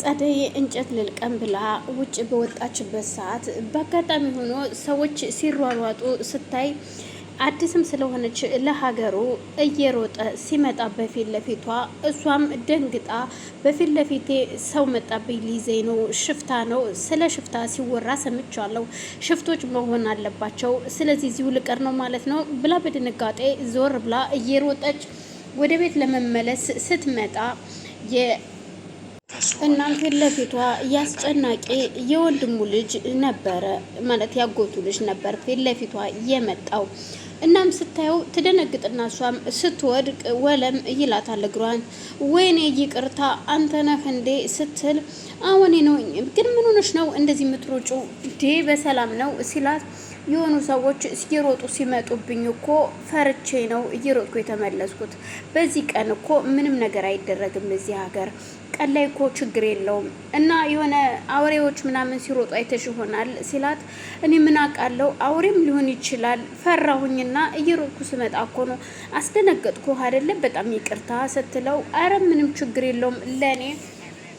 ጸደይ እንጨት ልልቀም ብላ ውጭ በወጣችበት ሰዓት በአጋጣሚ ሆኖ ሰዎች ሲሯሯጡ ስታይ አዲስም ስለሆነች ለሀገሩ እየሮጠ ሲመጣ በፊት ለፊቷ እሷም ደንግጣ በፊት ለፊቴ ሰው መጣብኝ ሊዜ ነው፣ ሽፍታ ነው። ስለ ሽፍታ ሲወራ ሰምቻለሁ። ሽፍቶች መሆን አለባቸው። ስለዚህ እዚሁ ልቀር ነው ማለት ነው ብላ በድንጋጤ ዞር ብላ እየሮጠች ወደ ቤት ለመመለስ ስትመጣ እናም ፊት ለፊቷ ያስጨናቂ የወንድሙ ልጅ ነበረ፣ ማለት ያጎቱ ልጅ ነበር ፊት ለፊቷ የመጣው። እናም ስታየው ትደነግጥና እሷም ስትወድቅ ወለም ይላታል እግሯን። ወይኔ ይቅርታ አንተ ነህ እንዴ ስትል አዎኔ ነው፣ ግን ምን ሆነሽ ነው እንደዚህ የምትሮጩ? ዴ በሰላም ነው ሲላት የሆኑ ሰዎች ሲሮጡ ሲመጡብኝ እኮ ፈርቼ ነው እየሮጥኩ የተመለስኩት። በዚህ ቀን እኮ ምንም ነገር አይደረግም እዚህ ሀገር ቀን ላይ እኮ ችግር የለውም እና የሆነ አውሬዎች ምናምን ሲሮጡ አይተሽ ይሆናል ሲላት፣ እኔ ምን አውቃለሁ አውሬም ሊሆን ይችላል ፈራሁኝና እየሮጥኩ ስመጣ እኮ ነው አስደነገጥኩ አይደለም፣ በጣም ይቅርታ ስትለው፣ አረ ምንም ችግር የለውም ለእኔ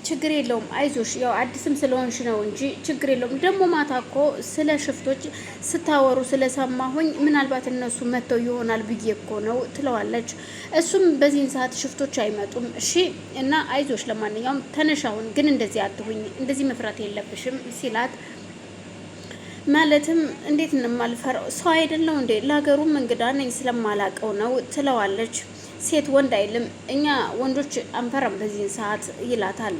ችግር የለውም አይዞሽ፣ ያው አዲስም ስለሆንሽ ነው እንጂ ችግር የለውም። ደግሞ ማታ እኮ ስለ ሽፍቶች ስታወሩ ስለሰማሁኝ ምናልባት እነሱ መጥተው ይሆናል ብዬ እኮ ነው ትለዋለች። እሱም በዚህን ሰዓት ሽፍቶች አይመጡም እሺ፣ እና አይዞሽ፣ ለማንኛውም ተነሻውን አሁን ግን እንደዚህ አትሁኝ፣ እንደዚህ መፍራት የለብሽም ሲላት ማለትም እንዴት እንማልፈራው ሰው አይደለው እንዴ? ለሀገሩም እንግዳ ነኝ ስለማላቀው ነው ትለዋለች። ሴት ወንድ አይልም። እኛ ወንዶች አንፈራም በዚህን ሰዓት ይላታል።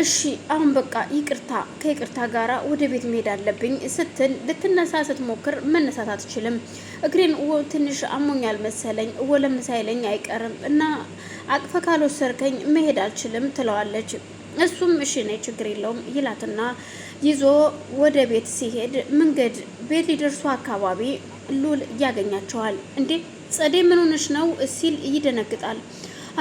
እሺ አሁን በቃ ይቅርታ፣ ከይቅርታ ጋራ ወደ ቤት መሄድ አለብኝ ስትል ልትነሳ ስትሞክር መነሳት አትችልም። እግሬን ትንሽ አሞኛል መሰለኝ ወለም ሳይለኝ አይቀርም እና አቅፈ ካልወሰድከኝ መሄድ አልችልም ትለዋለች። እሱም እሺ ነይ ችግር የለውም ይላትና ይዞ ወደ ቤት ሲሄድ መንገድ ቤት ሊደርሱ አካባቢ ሉል ያገኛቸዋል። እንዴ ጸዴ ምን ሆነሽ ነው ሲል ይደነግጣል።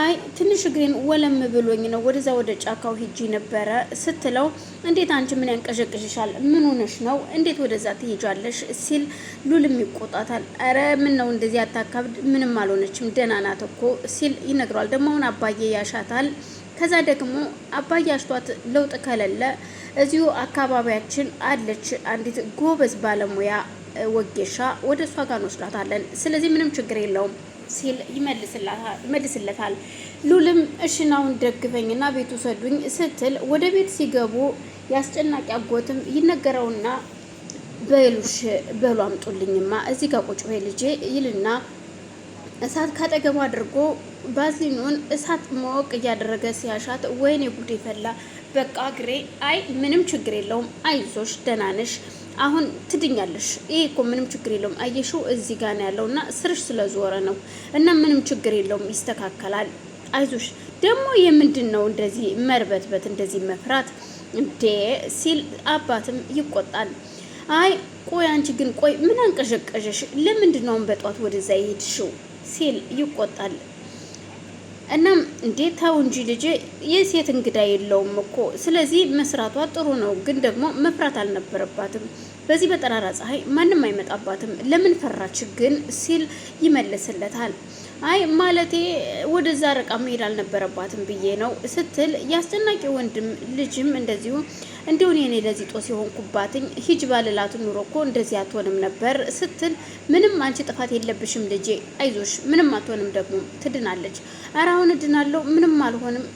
አይ ትንሽ እግሬን ወለም ብሎኝ ነው ወደዛ ወደ ጫካው ሂጂ ነበረ ስትለው፣ እንዴት አንቺ ምን ያንቀሸቅሽሻል? ምን ሆነሽ ነው? እንዴት ወደዛ ትሄጃለሽ? ሲል ሉልም ይቆጣታል። አረ ምን ነው እንደዚህ አታካብድ፣ ምንም አልሆነችም ደህና ናት እኮ ሲል ይነግረዋል። ደግሞ አሁን አባዬ ያሻታል። ከዛ ደግሞ አባዬ አሽቷት ለውጥ ከሌለ እዚሁ አካባቢያችን አለች አንዲት ጎበዝ ባለሙያ ወጌሻ ወደ እሷ ጋር እንወስዳታለን፣ ስለዚህ ምንም ችግር የለውም ሲል ይመልስለታል። ሉልም እሽናውን ደግፈኝና ቤቱ ሰዱኝ ስትል ወደ ቤት ሲገቡ የአስጨናቂ አጎትም ይነገረውና በሉሽ በሉ አምጡልኝማ እዚህ ጋር ቁጭ በይ ልጄ ይልና እሳት ካጠገቡ አድርጎ ባዚኑን እሳት መወቅ እያደረገ ሲያሻት ወይኔ ጉድ ፈላ። በቃ ግሬ አይ ምንም ችግር የለውም አይዞሽ ደህና ነሽ አሁን ትድኛለሽ። ይሄ እኮ ምንም ችግር የለውም። አየሽው እዚህ ጋር ነው ያለውና ስርሽ ስለዞረ ነው እና ምንም ችግር የለውም፣ ይስተካከላል። አይዞሽ። ደግሞ የምንድን ነው እንደዚህ መርበትበት እንደዚህ መፍራት እንዴ ሲል አባትም ይቆጣል። አይ ቆይ አንቺ ግን ቆይ ምን አንቀዠቀዠሽ? ለምንድን ነው በጧት ወደዛ ይሄድሽው ሲል ይቆጣል። እናም እንዴት ተው እንጂ ልጅ የሴት እንግዳ የለውም እኮ ስለዚህ መስራቷ ጥሩ ነው፣ ግን ደግሞ መፍራት አልነበረባትም። በዚህ በጠራራ ፀሐይ ማንም አይመጣባትም። ለምን ፈራች ግን ሲል ይመልስለታል። አይ ማለቴ ወደዛ ርቃ መሄድ አልነበረባትም ብዬ ነው ስትል የአስጨናቂ ወንድም ልጅም እንደዚሁ እንዲሁ እኔ ለዚህ ጦስ የሆንኩባትኝ ሂጅ ባልላት ኑሮ እኮ እንደዚህ አትሆንም ነበር ስትል፣ ምንም አንቺ ጥፋት የለብሽም ልጄ፣ አይዞሽ፣ ምንም አትሆንም፣ ደግሞ ትድናለች። ኧረ አሁን እድናለሁ፣ ምንም አልሆንም፣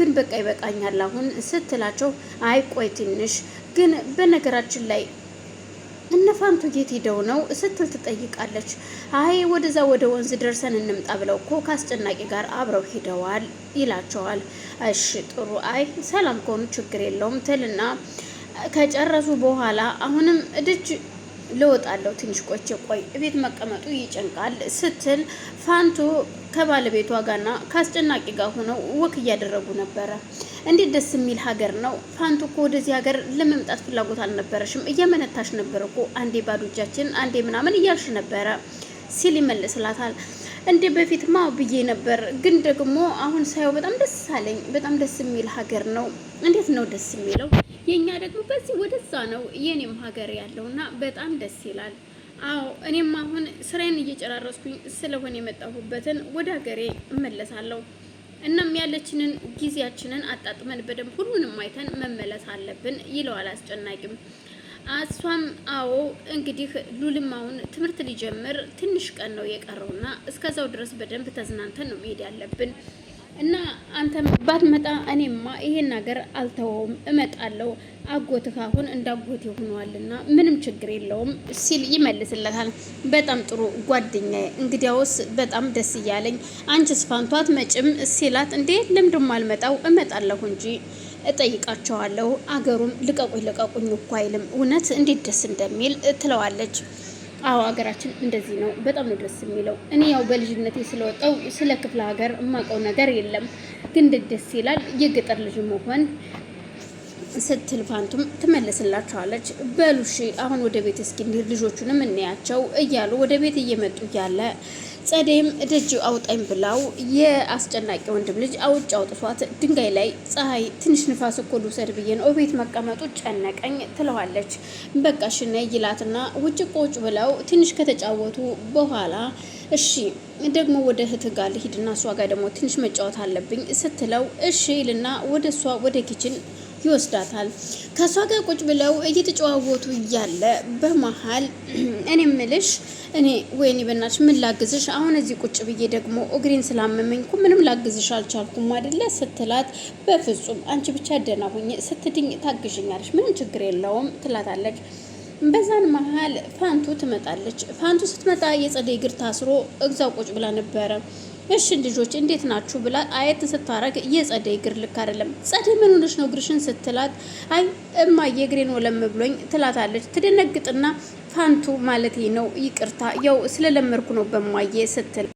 ግን በቃ ይበቃኛል አሁን ስትላቸው፣ አይ ቆይ ትንሽ ግን በነገራችን ላይ እነፋንቱ የት ሄደው ነው ስትል ትጠይቃለች። አይ ወደዛ ወደ ወንዝ ደርሰን እንምጣ ብለው እኮ ከአስጨናቂ ጋር አብረው ሄደዋል ይላቸዋል። እሺ ጥሩ፣ አይ ሰላም ከሆኑ ችግር የለውም ትልና ከጨረሱ በኋላ አሁንም እድጅ ልወጣለሁ ትንሽ ቆይቼ ቆይ ቤት መቀመጡ ይጨንቃል ስትል ፋንቱ ከባለቤቷ ጋርና ከአስጨናቂ ጋር ሆነው ወክ እያደረጉ ነበረ። እንዴት ደስ የሚል ሀገር ነው። ፋንቱ እኮ ወደዚህ ሀገር ለመምጣት ፍላጎት አልነበረሽም። እየመነታሽ ነበር እኮ አንዴ ባዶ እጃችን፣ አንዴ ምናምን እያልሽ ነበረ ሲል ይመልስላታል። እንዴ በፊትማ ብዬ ነበር፣ ግን ደግሞ አሁን ሳየው በጣም ደስ አለኝ። በጣም ደስ የሚል ሀገር ነው። እንዴት ነው ደስ የሚለው? የእኛ ደግሞ በዚህ ወደዛ ነው የኔም ሀገር ያለውና በጣም ደስ ይላል። አዎ እኔም አሁን ስራዬን እየጨራረስኩኝ ስለሆነ የመጣሁበትን ወደ ሀገሬ እመለሳለሁ። እናም ያለችንን ጊዜያችንን አጣጥመን በደንብ ሁሉንም አይተን መመለስ አለብን ይለዋል አስጨናቂም። እሷም አዎ እንግዲህ ሉልማውን ትምህርት ሊጀምር ትንሽ ቀን ነው የቀረውና እስከዛው ድረስ በደንብ ተዝናንተን ነው መሄድ ያለብን እና አንተ ባትመጣ እኔማ ይሄን ነገር አልተወውም፣ እመጣለሁ። አጎትህ አሁን እንዳጎቴ ሆኗልና ምንም ችግር የለውም ሲል ይመልስለታል። በጣም ጥሩ ጓደኛዬ፣ እንግዲያውስ በጣም ደስ እያለኝ፣ አንቺ ስፋንቷት መጭም ሲላት፣ እንዴ ለምድም አልመጣው እመጣለሁ እንጂ እጠይቃቸዋለሁ። አገሩም ልቀቁኝ ልቀቁኝ እኮ አይልም። እውነት እንዴት ደስ እንደሚል ትለዋለች። አዎ ሀገራችን እንደዚህ ነው። በጣም ነው ደስ የሚለው። እኔ ያው በልጅነቴ ስለወጣው ስለ ክፍለ ሀገር የማውቀው ነገር የለም፣ ግን ደስ ይላል። የገጠር ልጅ መሆን ስትል ፋንቱም ትመለስላቸዋለች። በሉሺ አሁን ወደ ቤት እስኪ እንሂድ ልጆቹንም እንያቸው እያሉ ወደ ቤት እየመጡ እያለ ጸደይም ደጅ አውጣኝ ብላው የአስጨናቂ ወንድም ልጅ አውጭ አውጥቷት ድንጋይ ላይ ፀሐይ ትንሽ ንፋስ እኮ ልውሰድ ብዬ ነው ቤት መቀመጡ ጨነቀኝ ትለዋለች። በቃ ሽነ ይላትና ውጭ ቆጭ ብለው ትንሽ ከተጫወቱ በኋላ እሺ ደግሞ ወደ እህት ጋር ልሂድና እሷ ጋር ደግሞ ትንሽ መጫወት አለብኝ ስትለው እሺ ይልና ወደ እሷ ወደ ኪችን ይወስዳታል። ከእሷ ጋር ቁጭ ብለው እየተጨዋወቱ እያለ በመሀል እኔ ምልሽ እኔ ወይኔ በናች ምን ላግዝሽ? አሁን እዚህ ቁጭ ብዬ ደግሞ እግሬን ስላመመኝ እኮ ምንም ላግዝሽ አልቻልኩም አይደለ ስትላት፣ በፍጹም አንቺ ብቻ ደህና ሁኝ ስትድኝ ታግዥኛለሽ፣ ምንም ችግር የለውም ትላታለች። በዛን መሀል ፋንቱ ትመጣለች። ፋንቱ ስትመጣ የፀደይ እግር ታስሮ እግዛው ቁጭ ብላ ነበረ። እሽን ልጆች እንዴት ናችሁ ብላ አየት ስታረግ የጸደይ እግር ልክ አይደለም። ጸደይ ምን ሆነች ነው እግርሽን ስትላት፣ አይ እማዬ እግሬን ወለም ብሎኝ ትላታለች። ትደነግጥና ፋንቱ ማለት ነው ይቅርታ ያው ስለለመርኩ ነው በማየ ስትል